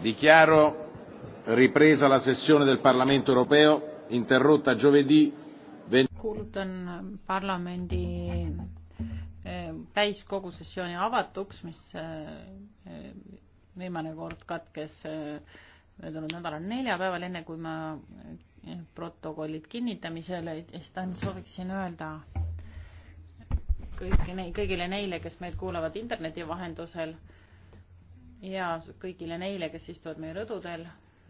dichiaro ripresa la sessione del parlamento europeo interrotta giovedì kuulutan parlamendi eh, täiskogu sessiooni avatuks mis eh, eh, viimane kord katkes möödunud nädalal neljapäeval enne kui ma protokollid kinnitamisele esitan sooviksin öelda kõiki neid kõigile neile kes meid kuulavad interneti vahendusel ja kõigile neile, kes istuvad meie rõdudel